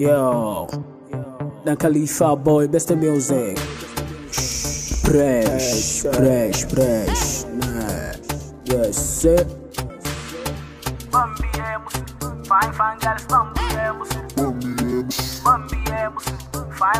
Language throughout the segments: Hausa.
Yo, Dan Khalifa boy, best music. Fresh, fresh, fresh. Nice. Yes, sir. Bambiemos, eh, vai fangales, bambiemos. Eh, bambiemos, eh, bambiemos, vai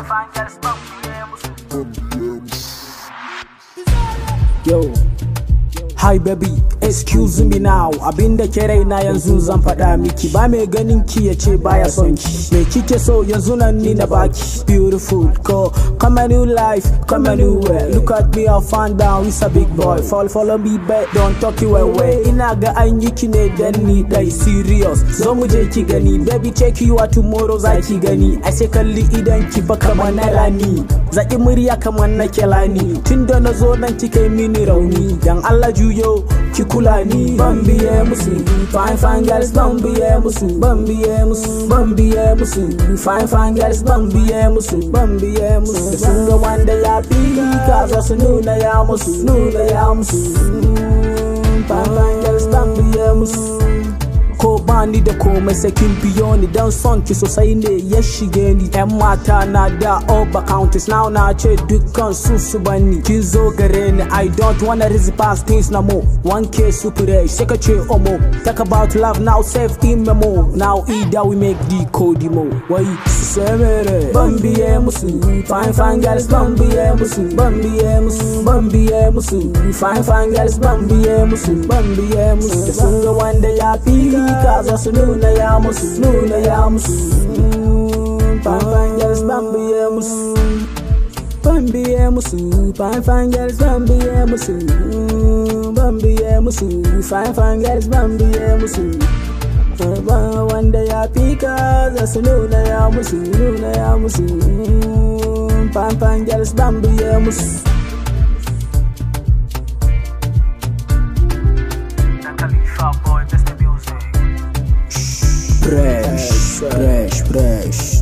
Hi baby, excuse me now abinda ke raina yanzu zan faɗa miki ba mai ganin ki ya ce baya son ki me kike so yanzu nan ni na baki beautiful ko come a new life come a new way look at me I found down is a big boy fall follow me back don't talk you away ina ga an yi ki ne dan ni dai serious zo mu je ki gani baby take you out tomorrow za ki gani a sai kalli idan ki ba kamar na rani zaki murya kamar na kelani tunda na zo nan kike mini rauni dan Allah ju yo kikula ni bambiye musu fine fine girls bambiye musu bambiye musu bambiye musu fine fine girls bambiye musu bambiye musu sun wanda ya fi ka za su nuna ya musu nuna ya musu fine fine girls bambiye musu amfani de komai sakin biyoni don son ki sosai ne ya shige mata na da oba countess. now na ce dukkan susu su bani kin zo i don't wanna risk past things na more. One su kure sai ka ce omo talk about love now safety memo now either we make the code mo wai semere ban biye musu fine fine girls ban biye musu ban biye musu ban biye musu fine fine girls ban biye musu ban biye musu da sun ga wanda ya fi za nuna ya musu nuna ya musu fanfan girls ban biye bambi ban biye musu fanfan girls ban biye bambi ban biye musu fanfan girls ban biye musu ba wanda ya fika za su nuna ya musu nuna ya musu fanfan girls ban biye musu Crash, crash, crash.